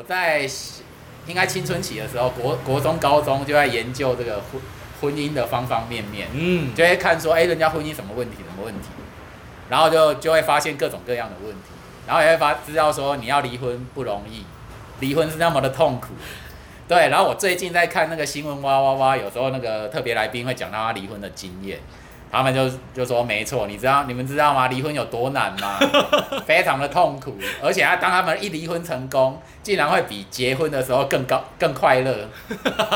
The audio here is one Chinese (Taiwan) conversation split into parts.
我在應該青春期的時候，國國中、高中就在研究這個婚婚姻的方方面面，嗯，就會看說，誒，人家婚姻什麼問題，什麼問題，然後就就會發現各種各樣的問題，然後也會發知道說你要離婚不容易，離婚是那麼的痛苦，對。然後我最近在看那個新聞，哇哇哇，有時候那個特別來賓會講到他離婚的經驗。他們就就說沒錯，你知道你們知道嗎？離婚有多難嗎？ 非常的痛苦，而且啊，當他們一離婚成功，竟然會比結婚的時候更高更快樂，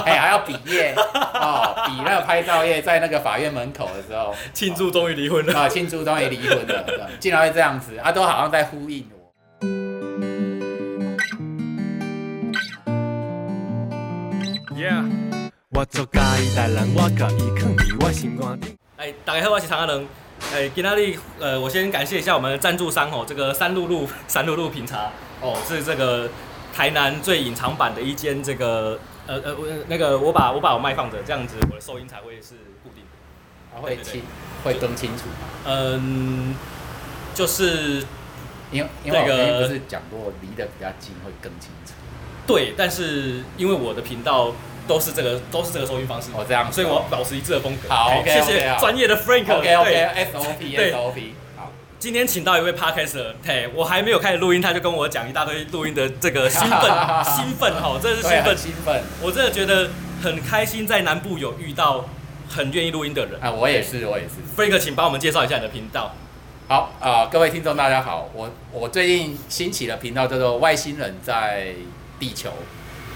哎， 還要比業 哦，比那個拍照業在那個法院門口的時候、 哦、慶祝終於離婚了啊， 慶祝終於離婚了，對，竟然會這樣子啊，都好像在呼應 yeah 我。Yeah. 我做人我可以心大家好，我是蔥仔蛋。哎，今天呢，呃，我先感謝一下我們的贊助商哦、喔，這個山露露，山露露品茶哦，是這個台南最隱藏版的一間這個，呃呃，那個我把我把我麥放着，這樣子我的收音才會是固定的，啊、會清，對對對會更清楚。嗯、呃，就是因因為那個是講過離得比較近會更清楚。那個、對，但是因為我的頻道。都是這個，都是這個收音方式哦，這樣，所以我保持一致的風格。好，謝謝專業的 Frank。OK OK SOP SOP 好，今天請到一位 Podcaster 嘿，我還沒有開始錄音，他就跟我講一大堆錄音的這個興奮，興奮哈，真的是興奮興奮。我真的覺得很開心，在南部有遇到很願意錄音的人啊，我也是，我也是。Frank，請幫我們介紹一下你的頻道。好啊，各位聽眾大家好，我我最近興起的頻道叫做《外星人在地球》。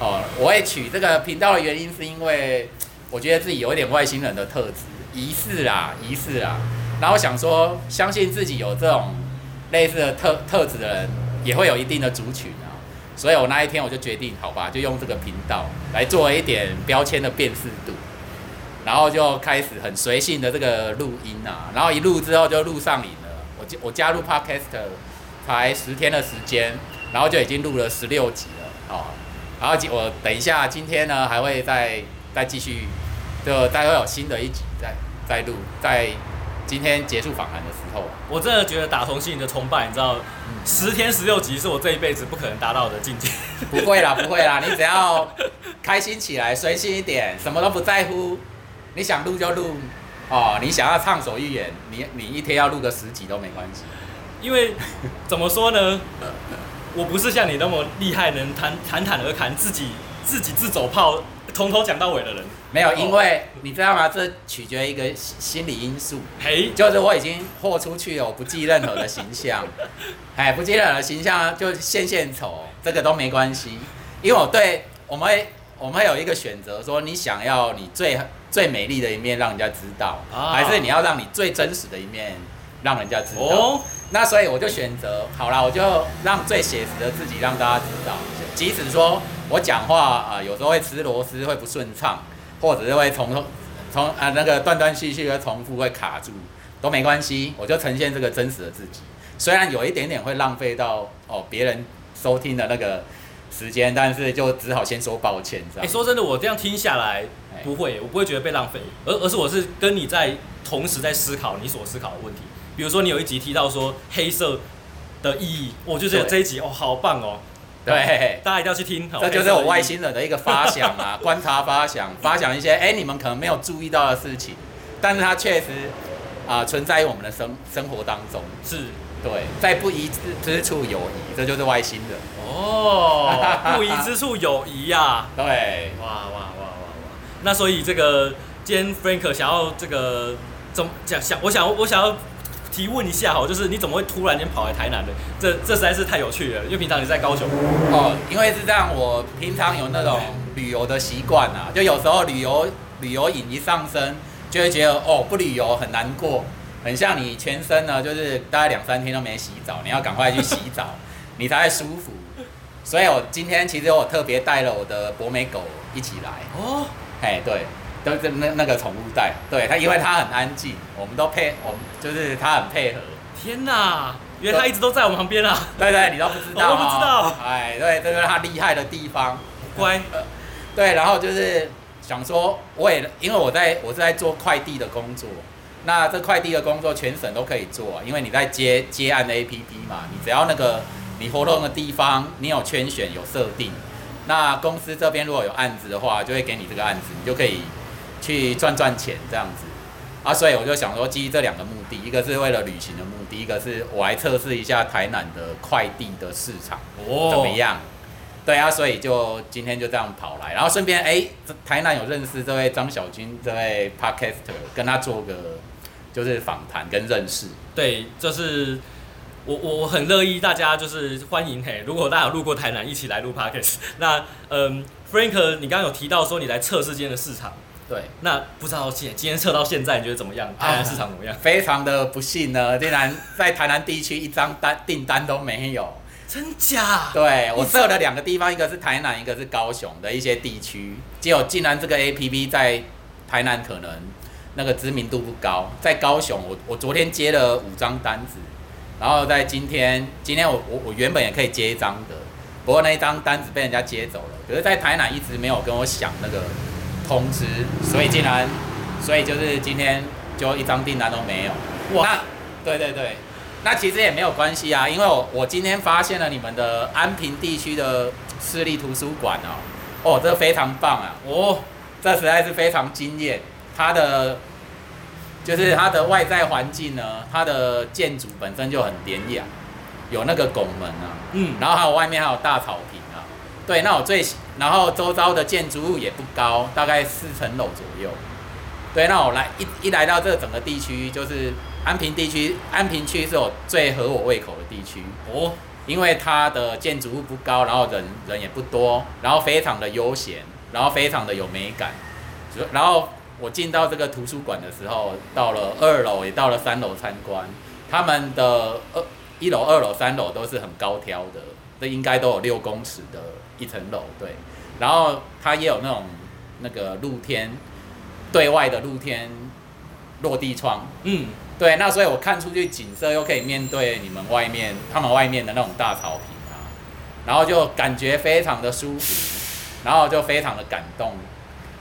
哦，我也取這個頻道的原因是因為我覺得自己有一點外星人的特質，疑似啊，疑似啊，然後想說相信自己有這種類似的特特質的人也會有一定的族群啊，所以我那一天我就決定，好吧，就用這個頻道來做一點標籤的辨識度，然後就開始很隨性的這個錄音啊，然後一錄之後就錄上癮了。我就我加入 Podcast 才十天的時間，然後就已經錄了十六集了哦。然後我等一下今天呢還會再再繼續，就待會有新的一集再再錄。在今天結束訪談的時候，我真的覺得打從心裡的崇拜，你知道，嗯、十天十六集是我這一輩子不可能達到的境界。不會啦，不會啦，你只要開心起來，隨性 一點，什麼都不在乎，你想錄就錄哦，你想要暢所欲言，你你一天要錄個十集都沒關係，因為怎麼說呢？ 我不是像你那麼厲害，能坦坦坦而談，自己自己自走炮，從頭講到尾的人。沒有，因為你知道嗎？這取決於一個心理因素。嘿、欸，就是我已經豁出去了，我不計任何的形象，哎， 不計任何的形象，就獻獻醜，這個都沒關係。因為我對我們會我們會有一個選擇，說你想要你最最美麗的一面讓人家知道，啊、還是你要讓你最真實的一面讓人家知道。哦那所以我就選擇好啦，我就讓最寫實的自己讓大家知道，即使說我講話啊、呃，有時候會吃螺絲會不順暢，或者是會重重啊那個斷斷續續的重複會卡住都沒關係，我就呈現這個真實的自己。雖然有一點點會浪費到哦呃、別人收聽的那個時間，但是就只好先說抱歉這樣，知、欸、說真的，我這樣聽下來不會、欸，欸、我不會覺得被浪費，而而是我是跟你在同時在思考你所思考的問題。比如說你有一集提到說黑色的意義，我、哦、就覺、是、得這一集對哦好棒哦，對，大家一定要去聽。對這就是我外星人的一個發想啊， 觀察發想，發想一些哎、欸、你們可能沒有注意到的事情，但是它確實啊是、呃、存在於我們的生生活當中。是，對，在不疑之之處有疑，對這就是外星人。哦，不疑之處有疑呀、啊。 對。哇哇哇哇哇！那所以這個今天 Frank 想要這個怎講想，我想我想要。提問一下哈，就是你怎麼會突然間跑來台南的？這這實在是太有趣了，因為平常你在高雄。哦，因為是這樣，我平常有那種旅遊的習慣啊，就有時候旅遊旅遊癮一上身，就會覺得哦，不旅遊很難過，很像你全身呢就是大概兩三天都沒洗澡，你要趕快去洗澡， 你才會舒服。所以我今天其實我有特別帶了我的博美狗一起來。哦，嘿對。都是那那個寵物袋，對它，因為它很安靜，我們都配，我們就是它很配合。天哪，因為它一直都在我們旁邊啊。對對，你都不知道、哦，我都不知道。哎，對，這是它厲害的地方。乖、呃。對，然後就是想說，我也因為我在，我是在做快遞的工作。那這快遞的工作全省都可以做，因為你在接接案的 APP 嘛，你只要那個你活動的地方，你有圈選有設定，那公司這邊如果有案子的話，就會給你這個案子，你就可以。去賺賺錢這樣子啊，所以我就想說，基於這兩個目的，一個是為了旅行的目的，一個是我來測試一下台南的快遞的市場哦怎麼樣？對啊，所以就今天就這樣跑來，然後順便哎、欸，台南有認識這位張小軍這位 Podcaster，跟他做個就是訪談跟認識。對，就是我我很樂意大家就是歡迎嘿，如果大家有路過台南，一起來錄 Podcaster。那嗯，Frank，你剛剛有提到說你來測試今天的市場。對，那不知道今今天測到現在你覺得怎麼樣？台南市場怎麼樣？啊，非常的不幸呢，竟然在台南地區一張單訂單都沒有。真假？對，我設了兩個地方，一個是台南，一個是高雄的一些地區。結果竟然這個 APP 在台南可能那個知名度不高，在高雄，我我昨天接了五張單子，然後在今天，今天我我我原本也可以接一張的，不過那一張單子被人家接走了。可是，在台南一直沒有跟我想那個。.同時，所以竟然，所以就是今天就一張訂單都沒有。哇，對對對，那其實也沒有關係啊，因為我，我今天發現了你們的安平地區的市立圖書館哦，哦，這非常棒啊，哦，這實在是非常驚豔。它的就是它的外在環境呢，它的建築本身就很典雅，有那個拱門啊，嗯，然後還有外面還有大草坪啊，對，那我最喜。然後周遭的建築物也不高，大概四層樓左右。對，那我來一一來到這整個地區，就是安平地區，安平區是我最合我胃口的地區。哦，因為它的建築物不高，然後人人也不多，然後非常的悠閒，然後非常的有美感。然後我進到這個圖書館的時候，到了二樓，也到了三樓參觀。他們的二一樓、二樓、三樓都是很高挑的，這應該都有六公尺的一層樓。對。然後它也有那種那個露天對外的露天落地窗，嗯，對，那所以我看出去景色又可以面對你們外面他們外面的那種大草坪啊，然後就感覺非常的舒服，然後就非常的感動，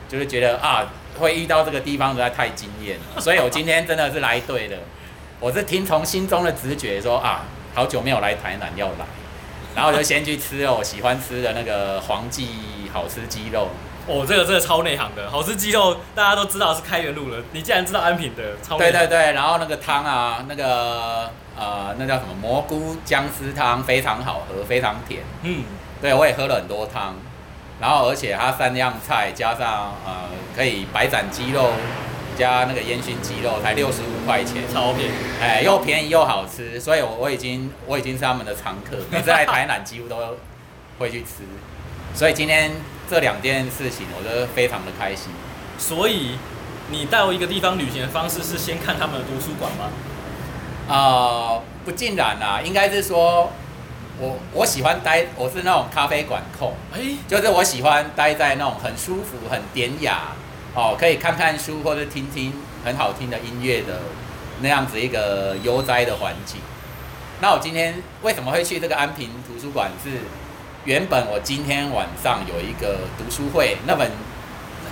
就是覺得啊會遇到這個地方實在太驚艷了，所以我今天真的是來對了，我是聽從心中的直覺說啊，好久沒有來台南要來。 然後我就先去吃我喜歡吃的那個黃記好吃雞肉。哦，這個真的超內行的，好吃雞肉大家都知道是開元路了。你竟然知道安平的，超內行的。對對對，然後那個湯啊，那個呃，那叫什麼蘑菇薑絲湯，非常好喝，非常甜。嗯，對我也喝了很多湯，然後而且它三樣菜加上呃，可以白斬雞肉。加那個煙燻雞肉才六十五塊錢，超便宜。哎，又便宜又好吃，所以我我已經我已經是他們的常客，每次 來台南幾乎都會去吃，所以今天這兩件事情我覺得非常的開心。所以你到一個地方旅行的方式是先看他們的圖書館嗎？呃、不盡然啊，不盡然啦，應該是說我我喜歡待，我是那種咖啡館控，哎、欸，就是我喜歡待在那種很舒服、很典雅。哦，可以看看書或者聽聽很好聽的音樂的那樣子一個悠哉的環境。那我今天為什麼會去這個安平圖書館？是原本我今天晚上有一個讀書會，那本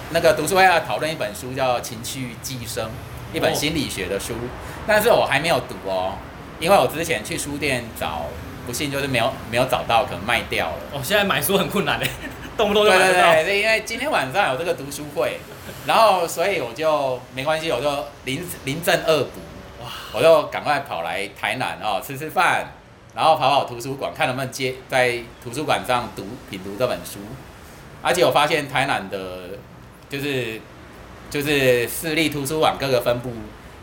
那個讀書會要討論一本書叫《情緒寄生》，哦、一本心理學的書。但是我還沒有讀哦，因為我之前去書店找，不幸就是沒有沒有找到，可能賣掉了。哦，現在買書很困難的，動不動就買不到。對對對，因為今天晚上有這個讀書會。然後，所以我就沒關係，我就臨臨陣惡補，我就趕快跑來台南哦，吃吃飯，然後跑跑圖書館，看能不能借在圖書館上讀品讀這本書。而且我發現台南的，就是就是市立圖書館各個分部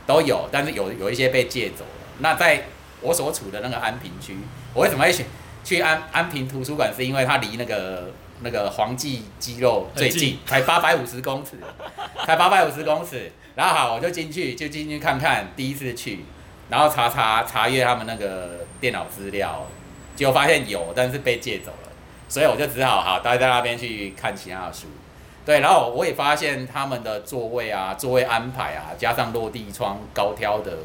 都有，但是有有一些被借走了。那在我所處的那個安平區，我為什麼會選去安安平圖書館？是因為它離那個。那個黃記雞肉最近才八百五十公尺，才八百五十公尺。然後好，我就進去，就進去看看，第一次去，然後查查查閱他們那個電腦資料，結果發現有，但是被借走了，所以我就只好好待在那邊去看其他的書。對，然後我也發現他們的座位啊，座位安排啊，加上落地窗、高挑的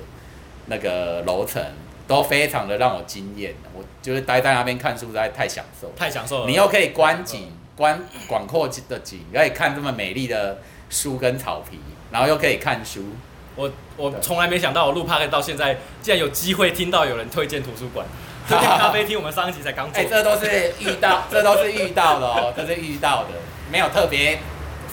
那個樓層。都非常的讓我驚艷，我就是待在那邊看書，實在太享受，太享受了。你又可以觀景，對觀廣闊對的景，可以看這麼美麗的樹跟草皮，然後又可以看書。我我從來沒想到，我錄 Podcast 到現在，竟然有機會聽到有人推薦圖書館，推薦、啊、咖啡廳。我們上一集才剛。哎、欸，這都是遇到，這都是遇到的哦， 這是遇到的，沒有特別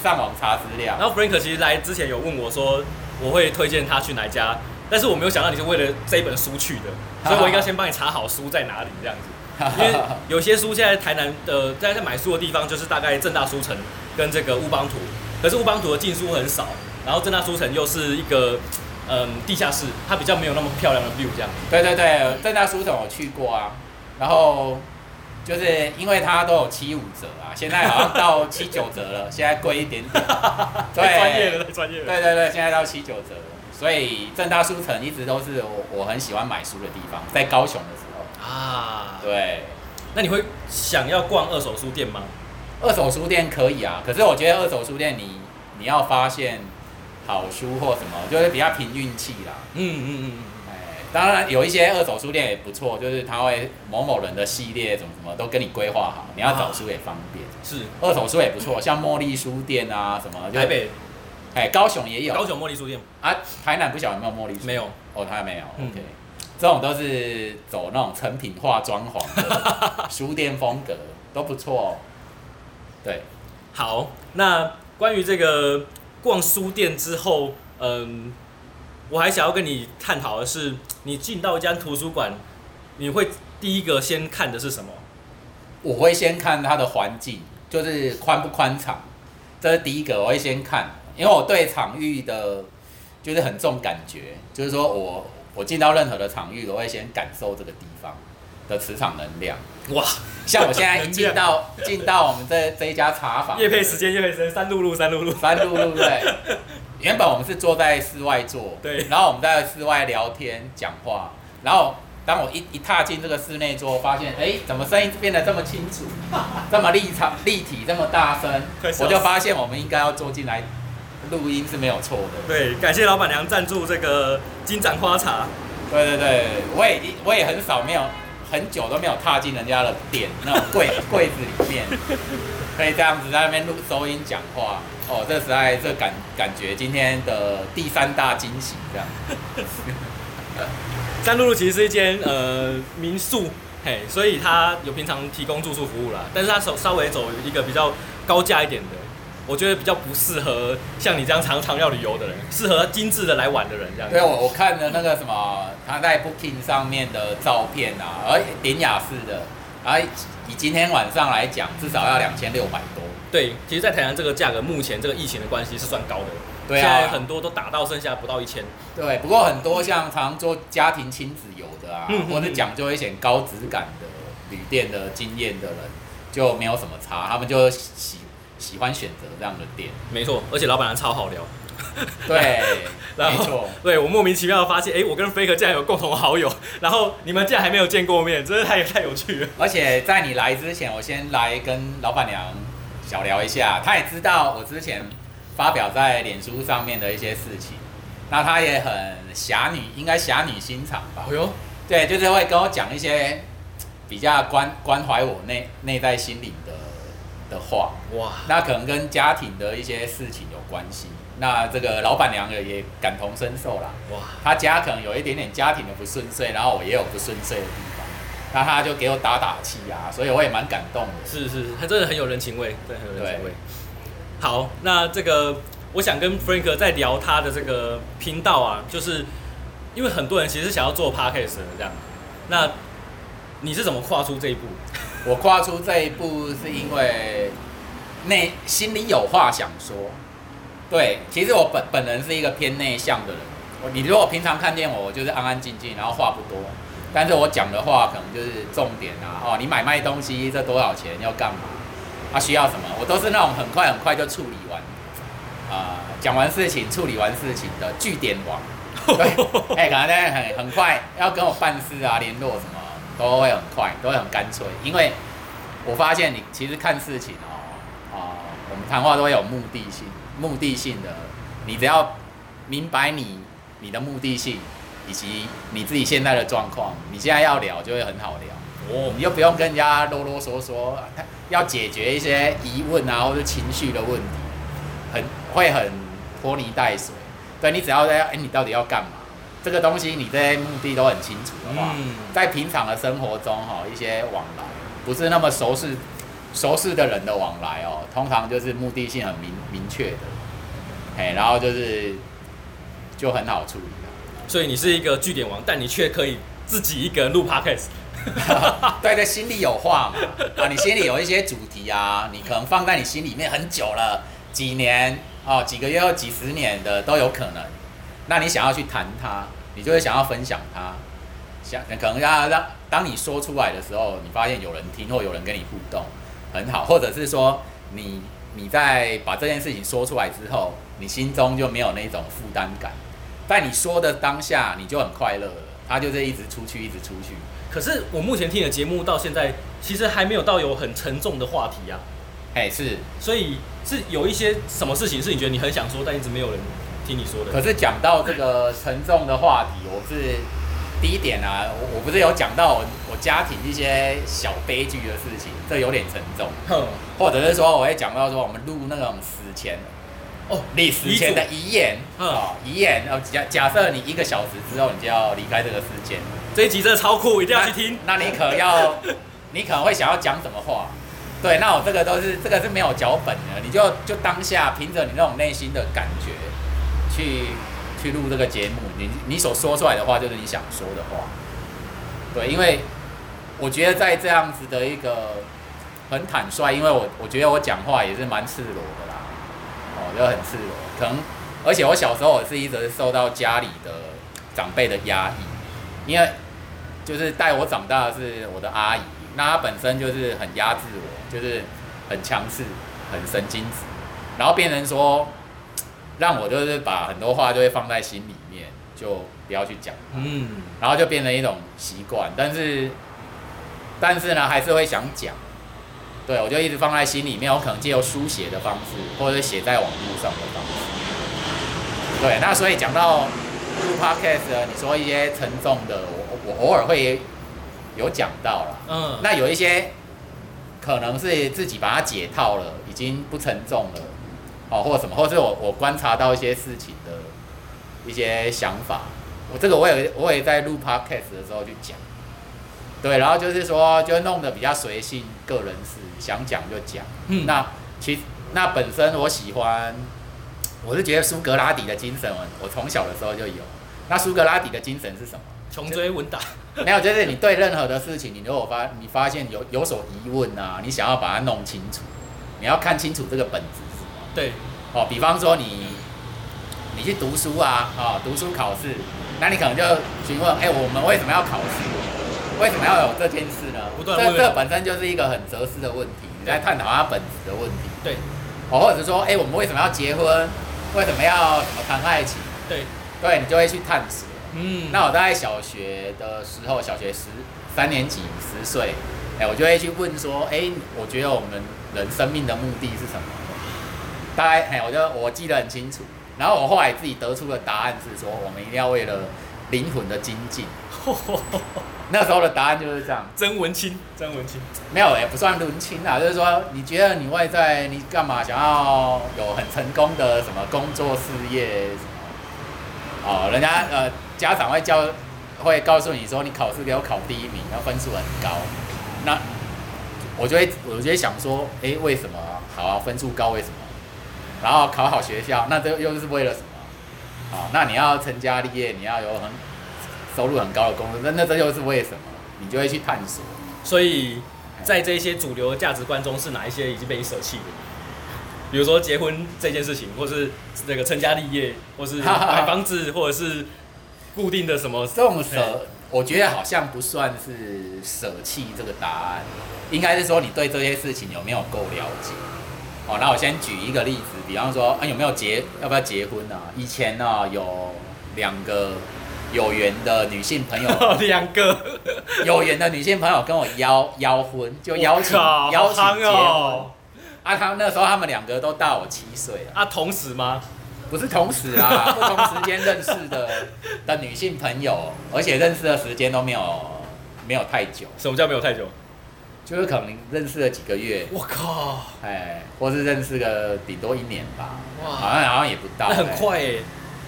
上網查資料。然後 Frank 其實來之前有問我說，我會推薦他去哪家。但是我沒有想到你是為了這一本書去的，所以我應該先幫你查好書在哪裡這樣子。因為有些書現在台南的大家、呃、在，在買書的地方就是大概正大書城跟這個烏邦圖，可是烏邦圖的進書很少，然後正大書城又是一個嗯、呃、地下室，它比較沒有那麼漂亮的 view 這樣子。對對對，正大書城我去過啊，然後就是因為它都有七五折啊，現在好像到七九折了，對現在貴一點點。對，專業的，專業的。對對對，現在到七九折了。所以政大書城一直都是我我很喜歡買書的地方，在高雄的時候啊，對。那你會想要逛二手書店嗎？二手書店可以啊，可是我覺得二手書店你你要發現好書或什麼，就是比較憑運氣啦。嗯嗯嗯。哎、嗯嗯，當然有一些二手書店也不錯，就是他會某某人的系列什麼什麼都跟你規劃好，你要找書也方便。啊、是。二手書也不錯， 像茉莉書店啊什麼。就台北。哎，hey, 高雄也有高雄茉莉書店啊，台南不曉得有沒有茉莉沒有哦，台南、oh, 沒有、嗯、，OK，這種都是走那種成品化裝潢的書店風格 都不錯、哦，對，好，那關於這個逛書店之後，嗯，我還想要跟你探討的是，你進到一間圖書館，你會第一個先看的是什麼？我會先看它的環境，就是寬不寬敞，這是第一個，我會先看。因為我對場域的，就是很重感覺，就是說，我我進到任何的場域，我會先感受這個地方的磁場能量。哇，像我現在一進到樣進到我們這這一家茶房，業配時間、業配時間，山露露，山露露，山露露對。原本我們是坐在室外坐，對，然後我們在室外聊天講話，然後當我一一踏進這個室內之後發現，哎，怎麼聲音變得這麼清楚，這麼立場立體，這麼大聲，我就發現我們應該要坐進來。錄音是沒有錯的，對，感謝老闆娘贊助這個金盞花茶。對對對，我也我也很少沒有很久都沒有踏進人家的店那櫃、個、櫃 子裡面，可以這樣子在那邊錄收音講話。哦，這實在這感感覺今天的第三大驚喜這樣。山露露其實是一間呃民宿，嘿，所以他有平常提供住宿服務啦，但是他手稍微走一個比較高價一點的，我覺得比較不適合像你這樣常常要旅遊的人，適合精緻的來玩的人這樣。對我，我看了那個什麼，他在 Booking 上面的照片啊，而典雅式的，而以，以今天晚上來講，至少要兩千六百多。對，其實，在台南這個價格，目前這個疫情的關係是算高的。對啊，現在很多都打到剩下不到一千。對，不過很多像常，常做家庭親子遊的啊，或者講究一些高質感的旅店的經驗的人，就沒有什麼差，他們就喜。喜歡選擇這樣的店，沒錯，而且老闆娘超好聊， 對， 後沒錯錯，對，我莫名其妙的發現，哎、欸，我跟 Frank 竟然有共同好友，然後你們竟然還沒有見過面，真是太也太有趣了。而且在你來之前，我先來跟老闆娘小聊一下，她也知道我之前發表在臉書上面的一些事情，那她也很俠女，應該俠女心腸吧？哎、呦，對，就是會跟我講一些比較關關懷我內內在心靈的。的話，哇，那可能跟家庭的一些事情有關係。那這個老闆娘也感同身受啦，哇，她家可能有一點點家庭的不順遂，然後我也有不順遂的地方，那她就給我打打氣啊，所以我也蠻感動的。是是是，她真的很有人情味，對，很有人情味。對好，那這個我想跟 Frank 再聊他的這個頻道啊，就是因為很多人其實想要做 Podcast 這樣，那你是怎麼跨出這一步？我跨出這一步是因為內心裡有話想說。對，其實我本本人是一個偏內向的人。你如果平常看見我，我就是安安靜靜，然後話不多。但是我講的話可能就是重點啊，哦，你買賣東西這多少錢，要幹嘛，他、啊、需要什麼，我都是那種很快很快就處理完。啊、呃，講完事情，處理完事情的句點王。哎、 欸，可能現很很快要跟我辦事啊，聯絡什麼。都會很快，都會很乾脆，因為我發現你其實看事情哦，啊、哦，我們談話都會有目的性，目的性的。你只要明白你你的目的性，以及你自己現在的狀況，你現在要聊就會很好聊哦，oh, 你就不用跟人家囉囉嗦嗦，要解決一些疑問啊或者是情緒的問題，很會很拖泥帶水。對，你只要在哎，你到底要幹嘛？這個東西，你這些目的都很清楚的話，嗯、在平常的生活中，哦，哈，一些往來不是那麼熟識、熟識的人的往來哦，通常就是目的性很明明確的，然後就是就很好處理、啊、所以你是一個句點王，但你卻可以自己一個人錄 podcast， 對對，心裡有話嘛，啊，你心裡有一些主題啊，你可能放在你心裡面很久了，幾年哦，幾個月或幾十年的都有可能，那你想要去談它。你就會想要分享他，想可能要讓，當你說出來的時候，你發現有人聽或有人跟你互動，很好，或者是說你你在把這件事情說出來之後，你心中就沒有那種負擔感，在你說的當下你就很快樂了，他就在一直出去，一直出去。出去，可是我目前聽的節目到現在，其實還沒有到有很沉重的話題啊，哎、欸、是，所以是有一些什麼事情是你覺得你很想說，但一直沒有人。聽你說的，可是講到這個沉重的話題，嗯、我是第一點啊，我我不是有講到我，我家庭一些小悲劇的事情，這有點沉重。哼、嗯，或者是說我會講到說我們錄那種死前哦，死遺 前的遺言，遺 嗯，遺、哦、言，然後假假設你一個小時之後你就要離開這個世界，這一集真的超酷，一定要去聽。那，那你可能要， 你可能會想要講什麼話？對，那我這個都是這個是沒有腳本的，你就就當下憑着你那種內心的感覺。去去錄這個節目，你你所說出來的話就是你想說的話，對，因為我覺得在這樣子的一個很坦率，因為我我覺得我講話也是蠻赤裸的啦，哦，就很赤裸，可能而且我小時候我是一直是受到家裡的長輩的壓抑，因為就是帶我長大的是我的阿姨，那她本身就是很壓制我，就是很強勢、很神經質，然後變成說。讓我就是把很多話就會放在心裡面，就不要去講它，嗯，然後就變成一種習慣。但是，但是呢，還是會想講，對，我就一直放在心裡面。我可能借由書寫的方式，或者是寫在網絡上的方式。對，那所以講到做 podcast，你說一些沉重的，我我偶爾會有講到啦。嗯，那有一些可能是自己把它解套了，已經不沉重了。哦，或者什麼，或者我我觀察到一些事情的一些想法，我這個我也我也在錄 Podcast 的時候去講，對，然後就是說就弄得比較隨性，個人是想講就講。嗯，那其那本身我喜歡，我是覺得蘇格拉底的精神我，我從小的時候就有。那蘇格拉底的精神是什麼？窮追問打？沒有，就是你對任何的事情，你如果發你發現有有所疑問啊，你想要把它弄清楚，你要看清楚這個本質。對，哦，比方說你，你去讀書啊，啊、哦，讀書考試，那你可能就詢問，哎，我們為什麼要考試？為什麼要有這件事呢？這這本身就是一個很哲思的問題，對你在探討它本質的問題。對，哦，或者說，哎，我們為什麼要結婚？為什麼要什麼談愛情？對，對你就會去探索。嗯，那我在小學的時候，小學十三年級十歲，哎，我就會去問說，哎，我覺得我們人生命的目的是什麼？大概哎，我就我記得很清楚。然後我後來自己得出的答案是說，我們一定要為了靈魂的精進。 那時候的答案就是這樣：真文青，真文青，沒有，也不算文青啊。就是說，你覺得你外在你幹嘛想要有很成功的什麼工作事業什麼？哦，人家呃家長會教，會告訴你說你考試給我考第一名，然後分數很高。那我就會我就會想說，哎，為什麼？好啊，分數高為什麼？然後考好學校，那這又是為了什麼？哦，那你要成家立業，你要有很收入很高的工資，那那這又是為什麼？你就會去探索。所以在這些主流的價值觀中，是哪一些已經被你捨棄的？比如說結婚這件事情，或是這個成家立業，或是買房子， 或者是固定的什麼這種捨，麼我覺得好像不算是捨棄這個答案，應該是說你對這些事情有沒有夠了解？哦，那我先舉一個例子，比方說，啊，有沒有結要不要結婚啊？以前呢、啊，有兩個有緣的女性朋友，兩個有緣的女性朋友跟我邀邀婚，就邀請靠邀請結婚，哦，啊，他們那個、時候他們兩個都大我七歲啊，同時嗎？不是同時啊，不同時間認識的 的女性朋友，而且認識的時間都沒有沒有太久。什麼叫沒有太久？就是可能認識了幾個月，我靠，哎，或是認識個頂多一年吧，哇，好像好像也不到，那很快耶，欸，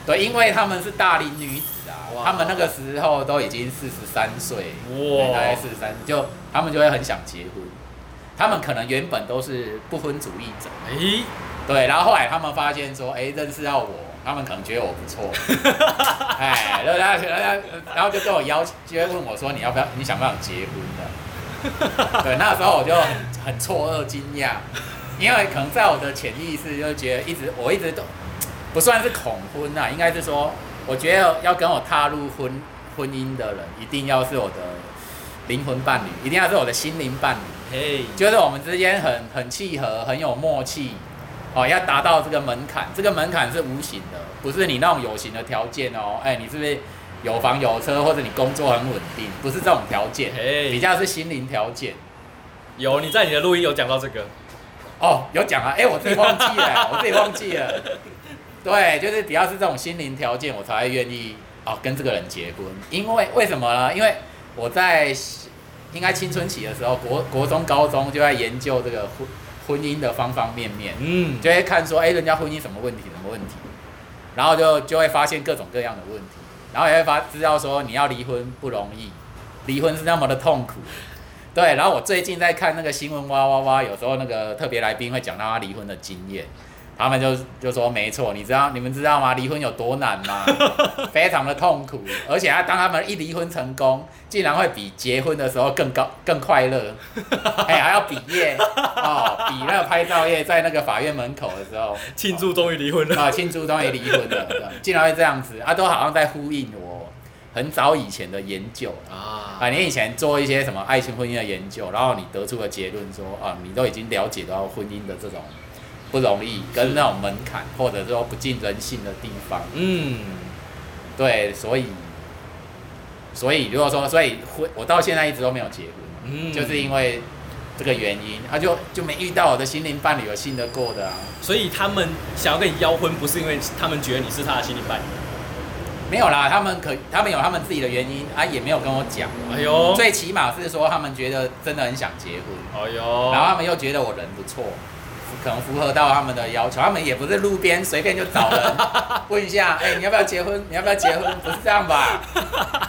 對，因為他們是大齡女子啊，哇他們那個時候都已經四十三歲，哇，大概四十三，43，就他們就會很想結婚，他們可能原本都是不婚主義者，哎，欸，對，然後後來他們發現說，哎，欸，認識到我，他們可能覺得我不錯，哎， 然後然後就跟我邀，就會問我說，你要不要，你想不想結婚的？ 對，那時候我就很很錯愕、驚訝，因為可能在我的潛意識就覺得，一直我一直都不算是恐婚啊。應該是說，我覺得要跟我踏入婚婚姻的人，一定要是我的靈魂伴侶，一定要是我的心靈伴侶，嘿，Hey. 就是我們之間很很契合、很有默契，哦，要達到這個門檻，這個門檻是無形的，不是你那種有形的條件哦，哎、欸，你是不是？有房有車，或者你工作很穩定，不是這種條件，欸、比較是心靈條件。有你在你的錄音有講到這個哦，有講啊，哎、欸，我自己忘記了， 我自己忘記了。對，就是只要是這種心靈條件，我才願意哦跟這個人結婚。因為為什麼呢？因為我在應該青春期的時候，國、嗯、國中、高中就在研究這個婚婚姻的方方面面，嗯，就會看說，哎、欸，人家婚姻什麼問題，什麼問題，然後就就會發現各種各樣的問題。然後也會發知道說你要離婚不容易，離婚是那麼的痛苦，對。然後我最近在看那個新聞，哇哇哇，有時候那個特別來賓會講到他離婚的經驗。他們就就說沒錯，你知道你們知道嗎？離婚有多難嗎？ 非常的痛苦，而且啊，當他們一離婚成功，竟然會比結婚的時候更高更快樂，哎， 還要比耶哦，比那個拍照業在那個法院門口的時候慶祝終於離婚了、哦、 啊，慶祝終於離婚了，竟然會這樣子啊，都好像在呼應我很早以前的研究 啊，你以前做一些什麼愛情婚姻的研究，然後你得出的結論說啊，你都已經了解到婚姻的這種。不容易，跟那種門檻，是或者說不盡人性的地方，嗯，對，所以，所以如果說，所以婚我到現在一直都沒有結婚，嗯，就是因為這個原因，他、啊、就就沒遇到我的心靈伴侶有信得過的啊。所以他們想要跟你邀婚，不是因為他們覺得你是他的心靈伴侶，沒有啦，他們可，他們有他們自己的原因，啊，也沒有跟我講，哎呦，最起碼是說他們覺得真的很想結婚，哎呦，然後他們又覺得我人不錯。可能符合到他們的要求，他們也不是路邊隨便就找人問一下，哎、 欸，你要不要結婚？你要不要結婚？不是這樣吧？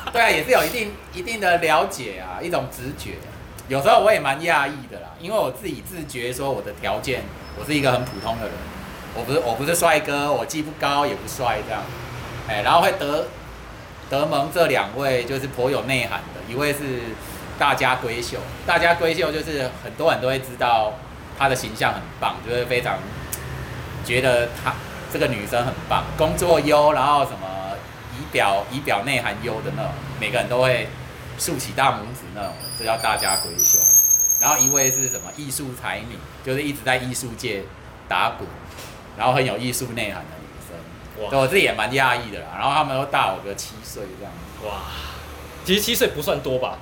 對啊，也是有一定一定的了解啊，一種直覺，啊。有時候我也蠻訝異的啦，因為我自己自覺說我的條件，我是一個很普通的人，我不是我不是帥哥，我既不高也不帥這樣，欸。然後會得得蒙這兩位就是頗有內涵的，一位是大家閨秀，大家閨秀就是很多人都會知道。她的形象很棒，就是非常覺得她這個女生很棒，工作優，然後什麼儀表儀表內涵優的那種，每個人都會豎起大拇指那種，這叫大家閨秀。然後一位是什麼藝術才女，就是一直在藝術界打鼓，然後很有藝術內涵的女生。哇，我自己也蠻訝異的啦。然後他們都大我個七歲這樣。哇，其實七歲不算多吧？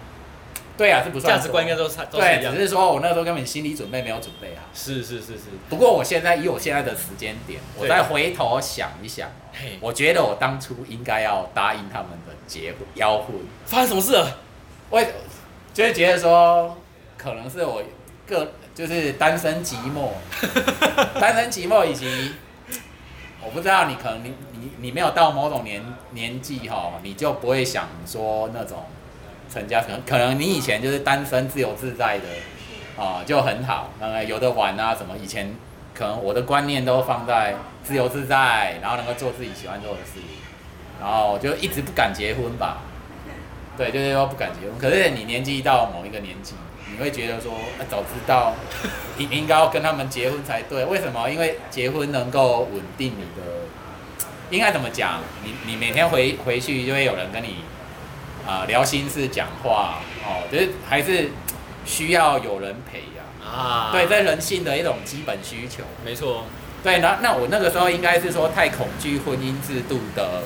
對啊，這不算。價值觀應該都差。對，只是說我那時候根本心理準備沒有準備啊。是是是是，是不過我現在以我現在的時間點，我再回頭想一想，哦，對我覺得我當初應該要答應他們的結婚要婚。發生什麼事了？我就會覺得說，可能是我個就是單身寂寞， 單身寂寞以及我不知道你可能你你，你沒有到某種年年紀哈，哦，你就不會想說那種。成家可能可能你以前就是單身自由自在的。啊就很好，呃、嗯、有的玩啊什麼以前可能我的觀念都放在自由自在，然後能夠做自己喜歡做的事情，然後就一直不敢結婚吧，對，就是說不敢結婚。可是你年紀一到某一個年紀，你會覺得說、啊、早知道，應應該要跟他們結婚才對，為什麼？因為結婚能夠穩定你的，應該怎麼講？你你每天回回去就會有人跟你。啊、呃，聊心事、講話，哦，就是還是需要有人陪呀。啊，啊對，在人性的一種基本需求、啊。沒錯。對，那那我那個時候應該是說太恐懼婚姻制度的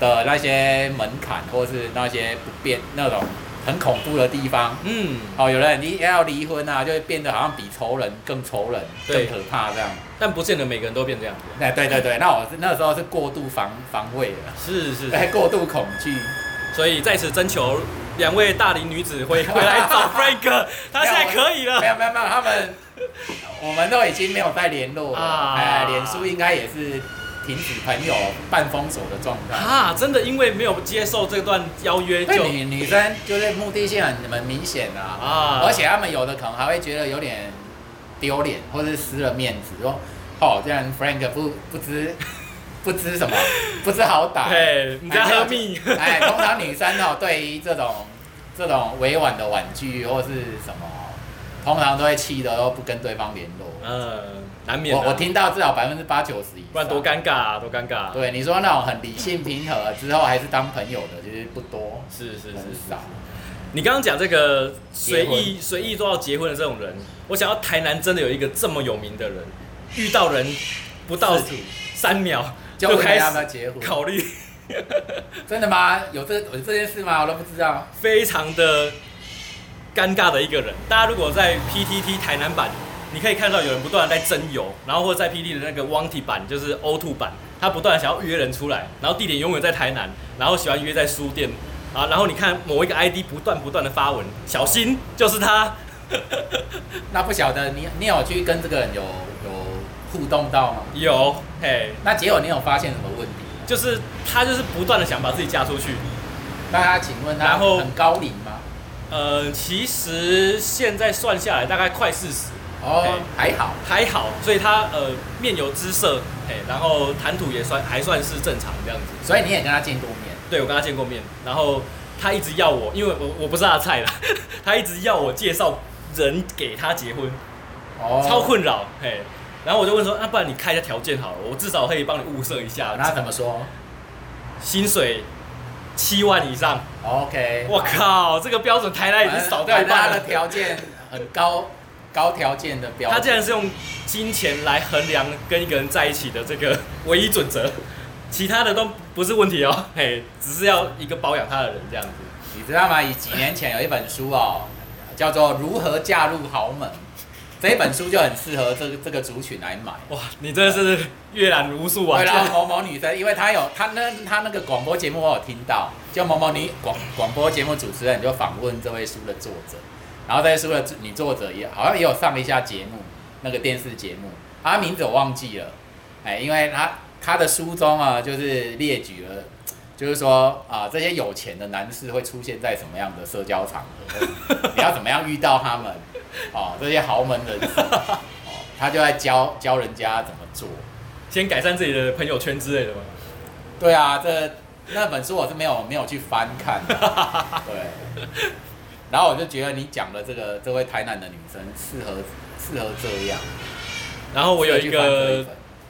的那些門檻，或是那些不變那種很恐怖的地方。嗯。哦，有人你要離婚啊，就會變得好像比仇人更仇人，對更可怕這樣。但不見得每個人都變這樣子。哎、嗯，對對對，那我是那時候是過度防防衛了。是,是是。哎，過度恐懼。所以在此徵求兩位大齡女子回回來找 Frank。哈哈他，現在可以了沒？沒有沒有沒有，他們 我們都已經沒有再聯絡了。呃、啊啊，臉書應該也是停止朋友半封鎖的狀態。啊，真的因為沒有接受這段邀約就，就女生就是目的性很明顯啊。啊，而且他們有的可能還會覺得有點丟臉，或是失了面子，哦，好這樣 Frank 不不知。不知什麼，不知好歹，hey, 怕你家喝命？哎，通常女生呢，對於這種這種委婉的婉拒或是什麼，通常都會氣得都不跟對方聯絡。嗯，難免，難免我。我聽到至少百分之八九十以上，不然多尷尬啊，多尷尬啊。對，你說那種很理性平和之後還是當朋友的，其實不多。是是是少是是是。你剛剛講這個隨意婚隨意就要結婚的這種人，我想要台南真的有一個這麼有名的人，遇到人不到土三秒。就結果，考慮，真的嗎？有這有這件事嗎？我都不知道。非常的尷尬的一個人。大家如果在 PTT 台南版，你可以看到有人不斷在徵友，然後或者在 PT 的那個 Want 版，就是 Otwo 版，他不斷想要約人出來，然後地點永遠在台南，然後喜歡約在書店啊，然後你看某一個 ID 不斷不斷的發文，小心就是他。那不曉得你，你要去跟這個人有互動到嗎？有，嘿。那結果你有發現什麼問題？就是他就是不斷的想把自己嫁出去。大家、嗯、請問他，然後很高齡嗎？呃，其實現在算下來大概快四十。哦，嘿還好，還好。所以他呃面有姿色，嘿，然後談吐也算還算是正常這樣子。所以你也跟他見過面？對，我跟他見過面。然後他一直要我，因為我我不是他的菜啦， 他一直要我介紹人給他結婚。哦。超困擾，嘿。然後我就問說，那不然你開一下條件好了，我至少可以幫你物色一下。那怎麼說？薪水七萬以上。OK。我靠，這個標準台南已經少掉一半。他的條件很高，高條件的標準。他竟然是用金錢來衡量跟一個人在一起的這個唯一準則，其他的都不是問題哦。嘿，只是要一個包養他的人這樣子。你知道嗎？以幾年前有一本書哦，叫做《如何嫁入豪門》。這 本書就很適合這個這個族群來買哇！你真的是閱覽無數啊，對啦，就某某女生，因為她有她那她那個廣播節目，我有聽到，就某某女廣廣播節目主持人就訪問這位書的作者，然後這些書的女作者也好像也有上了一下節目，那個電視節目，她名字我忘記了，哎、欸，因為她她的書中啊，就是列舉了，就是說啊這些有錢的男士會出現在什麼樣的社交場合， 你要怎麼樣遇到他們？哦，這些豪門人、哦，他就在教教人家怎麼做，先改善自己的朋友圈之類的嘛。對啊，這那本書我是沒有沒有去翻看的， 對。然後我就覺得你講的這個這位台南的女生適合適合這樣。然後我有一個，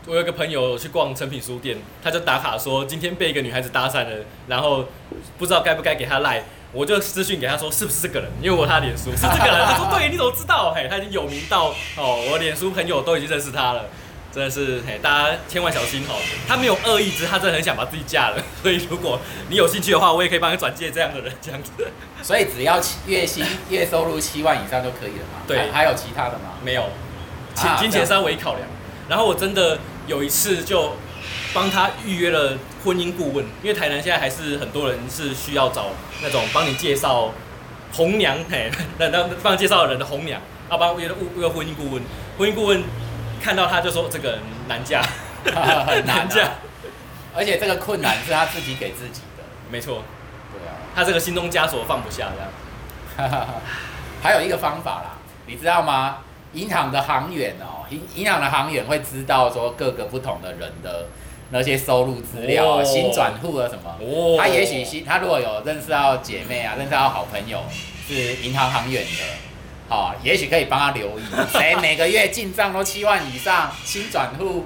我有一個朋友去逛誠品書店，他就打卡說今天被一個女孩子搭訕了，然後不知道該不該給她賴。我就私訊給他說是不是這個人，因為我他臉書是這個人，他說對，你怎麼知道？嘿，他已經有名到哦，我臉書朋友都已經認識他了，真的是嘿，大家千萬小心哦。他沒有惡意，只是他真的很想把自己嫁了，所以如果你有興趣的話，我也可以幫你轉介這樣的人，這樣子。所以只要月薪月收入七萬以上就可以了嗎？對，還有其他的嗎？沒有，錢金錢稍微考量。然後我真的有一次就幫他預約了。婚姻顧問，因為台南現在還是很多人是需要找那種幫你介紹紅娘，嘿、哎，那那幫介紹的人的紅娘，啊，要不然我覺得我婚姻顧問，婚姻顧問看到他就說這個人難嫁，啊很難啊，難嫁，而且這個困難是他自己給自己的，沒錯，對啊，他這個心中枷鎖放不下這樣子，還有一個方法啦，你知道嗎？銀行的行員哦，銀銀行的行員會知道說各個不同的人的。那些收入資料、哦、新轉戶啊什麼？哦、他也許新，他如果有認識到姐妹啊，認識到好朋友是銀行行員的，哦、也許可以幫他留意，誰 每個月進賬都七萬以上，新轉戶，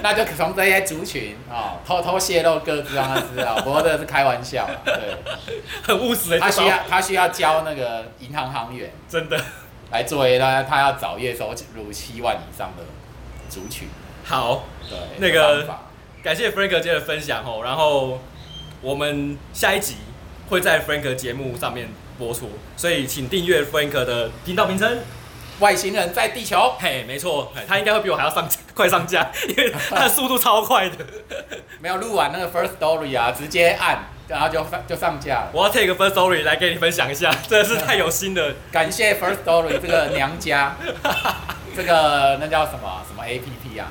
那就從這些族群、哦、偷偷泄露個資讓、啊、他知道，不過是開玩笑、啊，對，很務實。他需要他需要教那個銀行行員真的來作因為他要找月收入七萬以上的族群。好，對，那個。感謝 Frank 今天的分享吼，然後我們下一集會在 Frank 節目上面播出，所以請訂閱 Frank 的頻道名稱《外星人在地球》。嘿，沒錯，他應該會比我還要上快上架，因為他的速度超快的， 沒有錄完那個 First Story 啊，直接按，然後就就上架了。我要 take First Story 來跟你分享一下，真的是太有心了。 感謝 First Story 這個娘家，這個那叫什麼什麼 APP 啊？